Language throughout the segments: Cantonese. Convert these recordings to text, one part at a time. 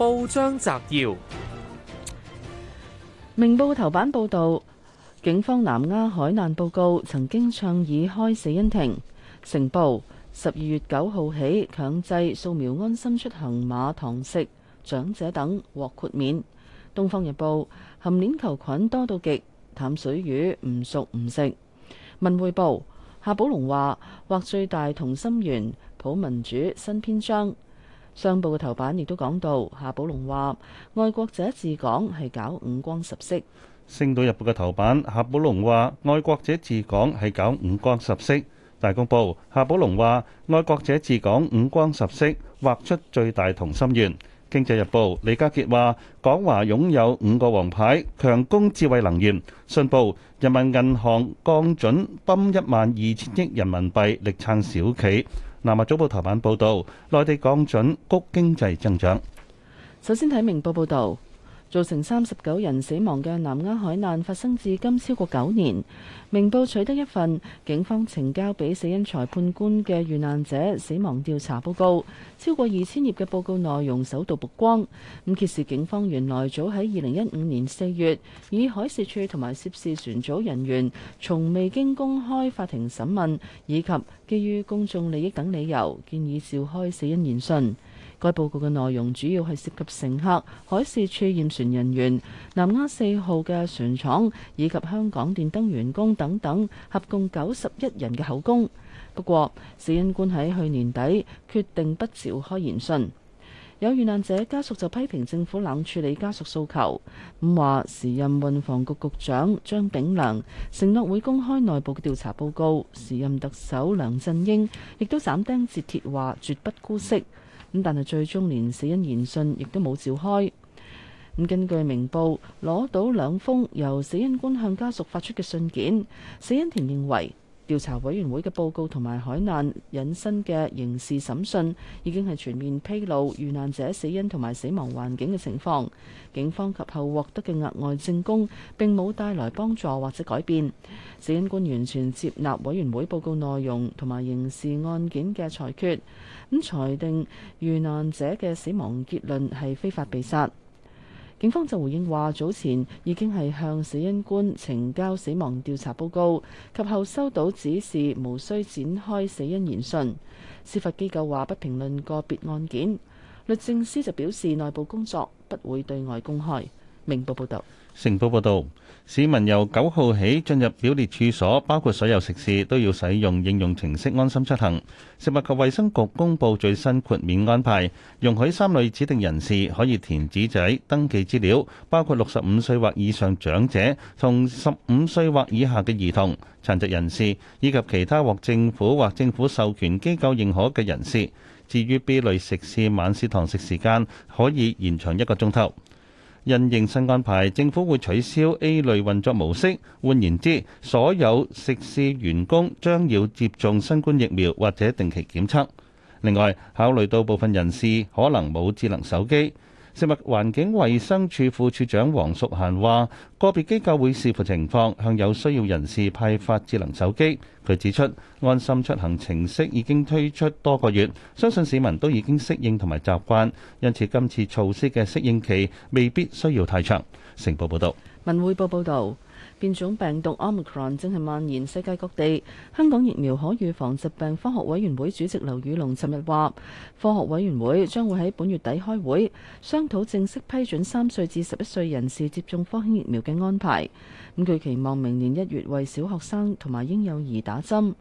報章摘要：明報頭版報道，警方南丫海難報告曾經倡議開死因庭。成報十二月九號起強制掃描安心出行碼，堂食長者等獲豁免。東方日報含鏈球菌多到極，淡水魚唔熟唔食。文匯報夏寶龍話：獲最大同心圓，普民主新篇章。上報嘅頭版亦都講到，夏寶龍話：愛國者治港係搞五光十色。《星島日報》嘅頭版，夏寶龍話：愛國者治港係搞五光十色。大公報，夏寶龍話：愛國者治港五光十色，畫出最大同心圓。《經濟日報》，李家傑話：港華擁有五個王牌，強攻智慧能源。《信報》，人民銀行降準泵一萬二千億人民幣，力撐小企。南華早報頭版報道，內地降準谷經濟增長。首先睇明報報道。造成三十九人死亡嘅南丫海難發生至今超過九年，明報取得一份警方呈交俾死因裁判官嘅遇難者死亡調查報告，超過二千頁嘅報告內容首度曝光。咁、嗯、揭示警方原來早喺二零一五年四月，以海事處同埋涉事船組人員從未經公開法庭審問以及基於公眾利益等理由，建議召開死因研訊。該報告嘅內容主要係涉及乘客、海事處驗船人員、南丫四號嘅船廠以及香港電燈員工等等，合共九十一人嘅口供。不過，死因官喺去年底決定不召開研訊，有遇難者家屬就批評政府冷處理家屬訴求，咁話時任運房局局長張炳良承諾會公開內部嘅調查報告，時任特首梁振英亦都斬釘截鐵話絕不姑息。咁但係最終連死因研訊亦都冇召開。咁根據明報，攞到兩封由死因官向家屬發出嘅信件，死因庭認為，調查委員會嘅報告同埋海難引申嘅刑事審訊，已經係全面披露遇難者死因同埋死亡環境嘅情況。警方及後獲得嘅額外證供並冇帶來幫助或者改變。死因官完全接納委員會報告內容同埋刑事案件嘅裁決，咁裁定遇難者嘅死亡結論係非法被殺。警方就回應話：早前已經係向死因官呈交死亡調查報告，及後收到指示，無需展開死因研訊。司法機構話不評論個別案件。律政司就表示內部工作不會對外公開。明報報道，明報報道，市民由九號起進入表列處所，包括所有食肆，都要使用應用程式安心出行。食物及衛生局公布最新豁免安排，容許三類指定人士可以填紙仔登記資料，包括六十五歲或以上長者、同十五歲或以下嘅兒童、殘疾人士以及其他獲政府或政府授權機構認可嘅人士。至於 B 類食肆晚市堂食時間，可以延長一個鐘頭。因應新安排，政府會取消 A 類運作模式。換言之，所有食肆員工將要接種新冠疫苗或者定期檢測，另外，考慮到部分人士可能冇智能手機。食物環境衞生署副署長黃淑嫻話：個別機構會視乎情況，向有需要人士派發智能手機。佢指出，安心出行程式已經推出多個月，相信市民都已經適應同埋習慣，因此今次措施嘅適應期未必需要太長。成報報道。文匯報報導。變種病毒 Omicron 正係蔓延世界各地。香港疫苗可預防疾病科學委員會主席劉宇龍尋日話：科學委員會將會喺本月底開會商討正式批准三歲至十一歲人士接種科興疫苗嘅安排。咁佢期望明年一月為小學生同埋嬰幼兒打針。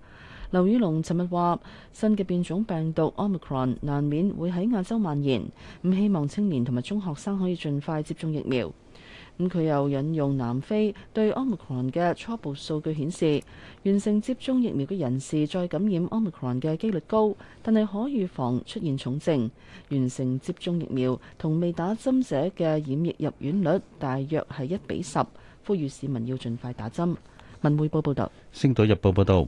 劉宇龍尋日話：新嘅變種病毒 Omicron 難免會喺亞洲蔓延，咁希望青年同埋中學生可以盡快接種疫苗。咁佢又引用南非對 Omicron 嘅初步數據顯示，完成接種疫苗嘅人士再感染 Omicron 嘅幾率高，但係可預防出現重症。完成接種疫苗同未打針者嘅染疫入院率大約係一比十，呼籲市民要盡快打針。文匯報報道。星島日報報道。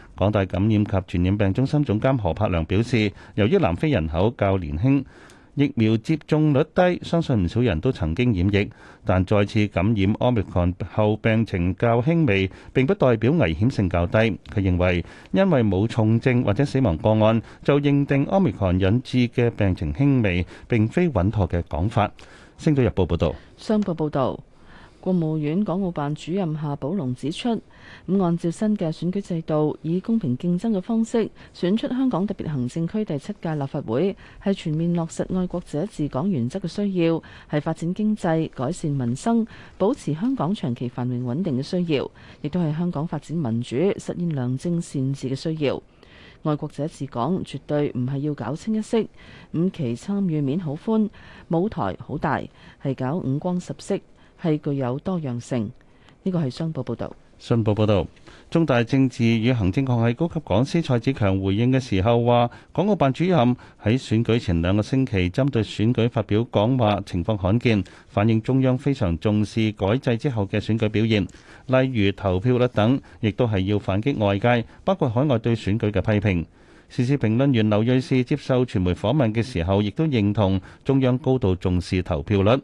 港大感染及傳染病中心總監何柏良表示，由於南非人口較年輕，疫苗接種率低，相信唔少人都曾經染疫，但再次感染 Omicron 後病情較輕微，並不代表危險性較低。佢認為，因為冇重症或者死亡個案，就認定 Omicron 引致嘅病情輕微，並非穩妥嘅講法。星島日報報導，商報報導。國務院港澳辦主任夏寶龍指出：咁按照新嘅選舉制度，以公平競爭嘅方式選出香港特別行政區第七屆立法會，係全面落實愛國者治港原則嘅需要，係發展經濟、改善民生、保持香港長期繁榮穩定嘅需要，亦都係香港發展民主、實現良政善治嘅需要。愛國者治港絕對唔係要搞清一色，五期參與面好寬，舞台好大，係搞五光十色。係具有多樣性，呢個係商報報導。信報報導，中大政治與行政學系高級講師蔡子強回應嘅時候話，港澳辦主任喺選舉前兩個星期針對選舉發表講話，情況罕見，反映中央非常重視改制之後嘅選舉表現，例如投票率等，亦都係要反擊外界，包括海外對選舉嘅批評。時事評論員劉銳紹接受傳媒訪問嘅時候，亦都認同中央高度重視投票率。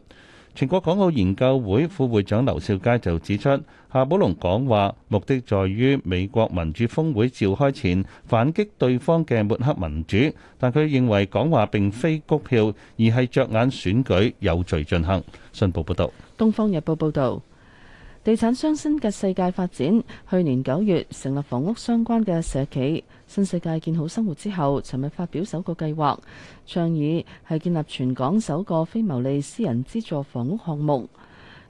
全國港澳研究會副會長劉兆佳就指出，夏寶龍講話目的在於美國民主峰會召開前反擊對方嘅抹黑民主，但佢認為講話並非谷票，而係着眼選舉有序進行。信報報導，《東方日報》報導。地產商新嘅世界發展去年九月成立房屋相關嘅社企新世界建好生活之後，尋日發表首個計劃，倡議係建立全港首個非牟利私人資助房屋項目。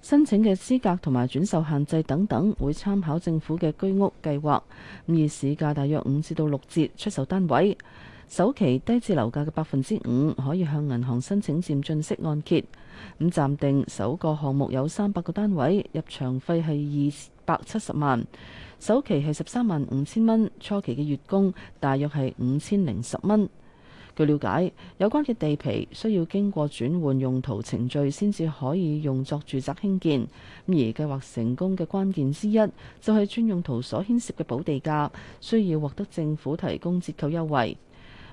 申請嘅資格同埋轉售限制等等，會參考政府嘅居屋計劃。咁以市價大約五至到六折出售單位。首期低至樓價嘅百分之五，可以向銀行申請漸進式按揭。咁暫定首個項目有三百個單位，入場費係二百七十萬，首期係十三萬五千蚊，初期嘅月供大約係五千零十蚊。據了解，有關嘅地皮需要經過轉換用途程序先至可以用作住宅興建。咁而計劃成功嘅關鍵之一，就係專用途所牽涉嘅補地價需要獲得政府提供折扣優惠。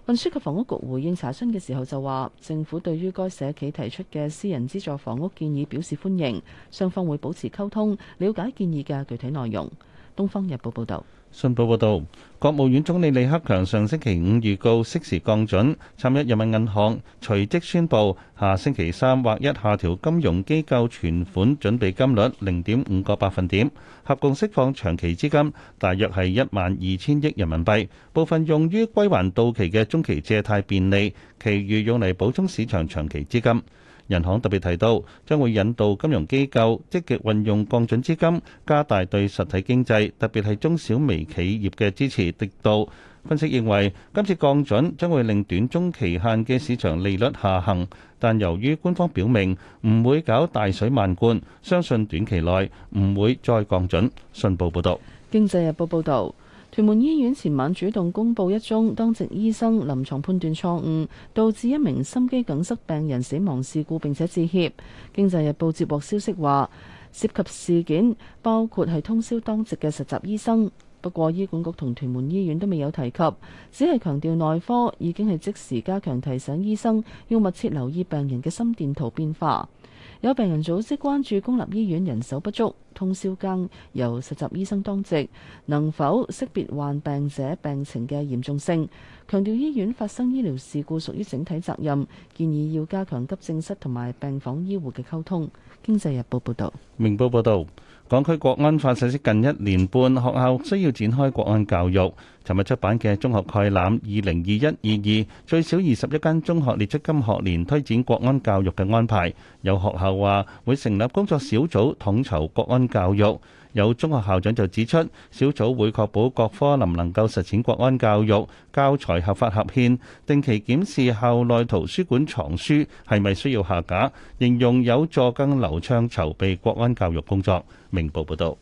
運輸及房屋局回應查詢嘅時候就話，政府對於該社企提出嘅私人資助房屋建議表示歡迎，雙方會保持溝通，了解建議嘅具體內容。東方日報報道。信報報道，國務院總理李克強上星期五預告適時降準，參與人民銀行隨即宣布下星期三或一下調金融機構存款準備金率零點五個百分點，合共釋放長期資金大約係一萬二千億人民幣，部分用於歸還到期嘅中期借貸便利，其餘用嚟補充市場長期資金。人行特別提到，將會引導金融機構積極運用降準資金，加大對實體經濟，特別係中小微企業嘅支持力度。分析認為，今次降準將會令短中期限嘅市場利率下行，但由於官方表明唔會搞大水漫灌，相信短期內唔會再降準。信報報導，《經濟日報》報導。屯門醫院前晚主動公布一宗當值醫生臨床判斷錯誤，導致一名心肌梗塞病人死亡事故，並且致歉。經濟日報接獲消息話，涉及事件包括係通宵當值嘅實習醫生。不過醫管局同屯門醫院都未有提及，只係強調內科已經係即時加強提醒醫生要密切留意病人嘅心電圖變化。有病人組織關注公立醫院人手不足、通宵更由實習醫生當值，能否識別患病者病情嘅嚴重性？強調醫院發生醫療事故屬於整體責任，建議要加強急症室同埋病房醫護嘅溝通。經濟日報報道。明報報導。港區國安法實施近一年半，學校需要展開國安教育。尋日出版嘅《中學概覽》二零二一二二，最少二十一間中學列出今學年推展國安教育嘅安排，有學校話會成立工作小組統籌國安教育。有中學校長就指出，小組會確保各科能唔能夠實踐國安教育，教材合法合憲，定期檢視校內圖書館藏書係咪需要下架，形容有助更流暢籌備國安教育工作。明報報導。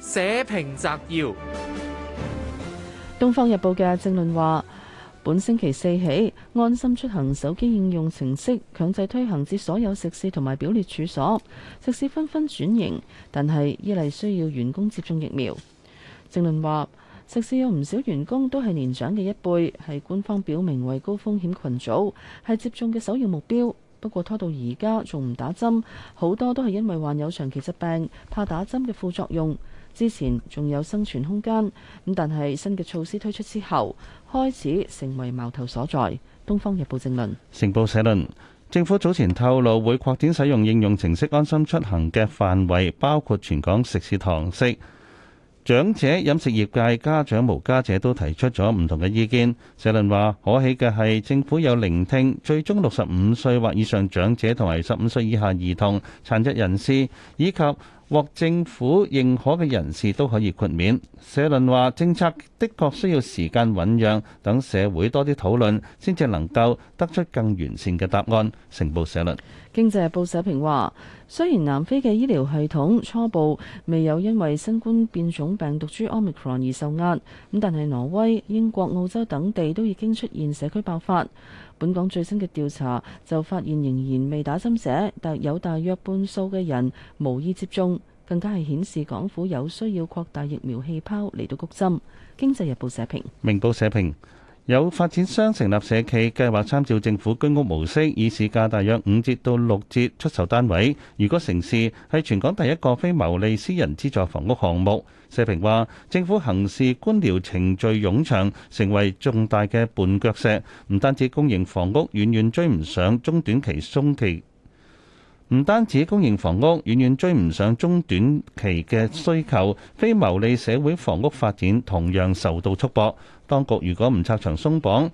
社評摘要。《東方日報》嘅正論話。本星期四起，安心出行手機應用程式強制推行至所有食肆同埋表列處所。食肆紛紛轉型，但係依例需要員工接種疫苗。鄭論話，食肆有唔少員工都係年長嘅一輩，係官方表明為高風險群組，係接種嘅首要目標，不過拖到而家仲唔打針，好多都係因為患有長期疾病，怕打針嘅副作用。之前仲有生存空間，咁但係新嘅措施推出之後，開始成為矛頭所在。《東方日報》正論、成報社論，政府早前透露會擴展使用應用程式安心出行嘅範圍，包括全港食肆堂食、長者、飲食業界、家長、無家者都提出咗唔同嘅意見。社論話，可喜嘅係政府有聆聽，最終六十五歲或以上長者同埋十五歲以下兒童、殘疾人士以及獲政府認可嘅人士都可以豁免。社論話，政策的確需要時間醖釀，等社會多啲討論，先至能夠得出更完善嘅答案。成報社論，《經濟日報》社評話，雖然南非嘅醫療系統初步未有因為新冠變種病毒株 Omicron 而受壓，咁但係挪威、英國、澳洲等地都已經出現社區爆發。本港最新嘅調查就發現，仍然未打針者，但有大約半數嘅人無意接種，更加係顯示港府有需要擴大疫苗氣泡嚟到谷針。經濟日報社評。明報社評。有發展商成立社企，計劃參照政府居屋模式，以市價大約五折到六折出售單位。如果成事，係全港第一個非牟利私人資助房屋項目。社評話，政府行事官僚程序冗長，成為重大嘅絆腳石。唔單止公營房屋遠遠追唔上中短期鬆，唔單止公營房屋遠遠追唔上中短期嘅需求，非牟利社會房屋發展同樣受到束縛。當局如果唔拆牆鬆綁，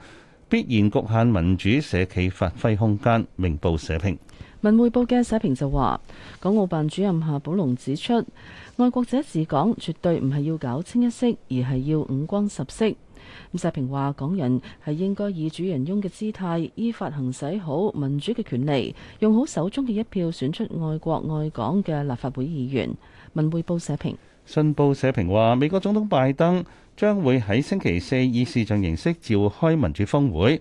必然局限民主社企發揮空間。明報社評，文匯報嘅社評就話，港澳辦主任夏寶龍指出，愛國者治港絕對唔係要搞清一色，而係要五光十色。咁社評話，港人係應該以主人翁嘅姿態，依法行使好民主嘅權利，用好手中嘅一票，選出愛國愛港嘅立法會議員。文匯報社評，信報社評話，美國總統拜登。將會喺星期四以視像形式召開民主峰會。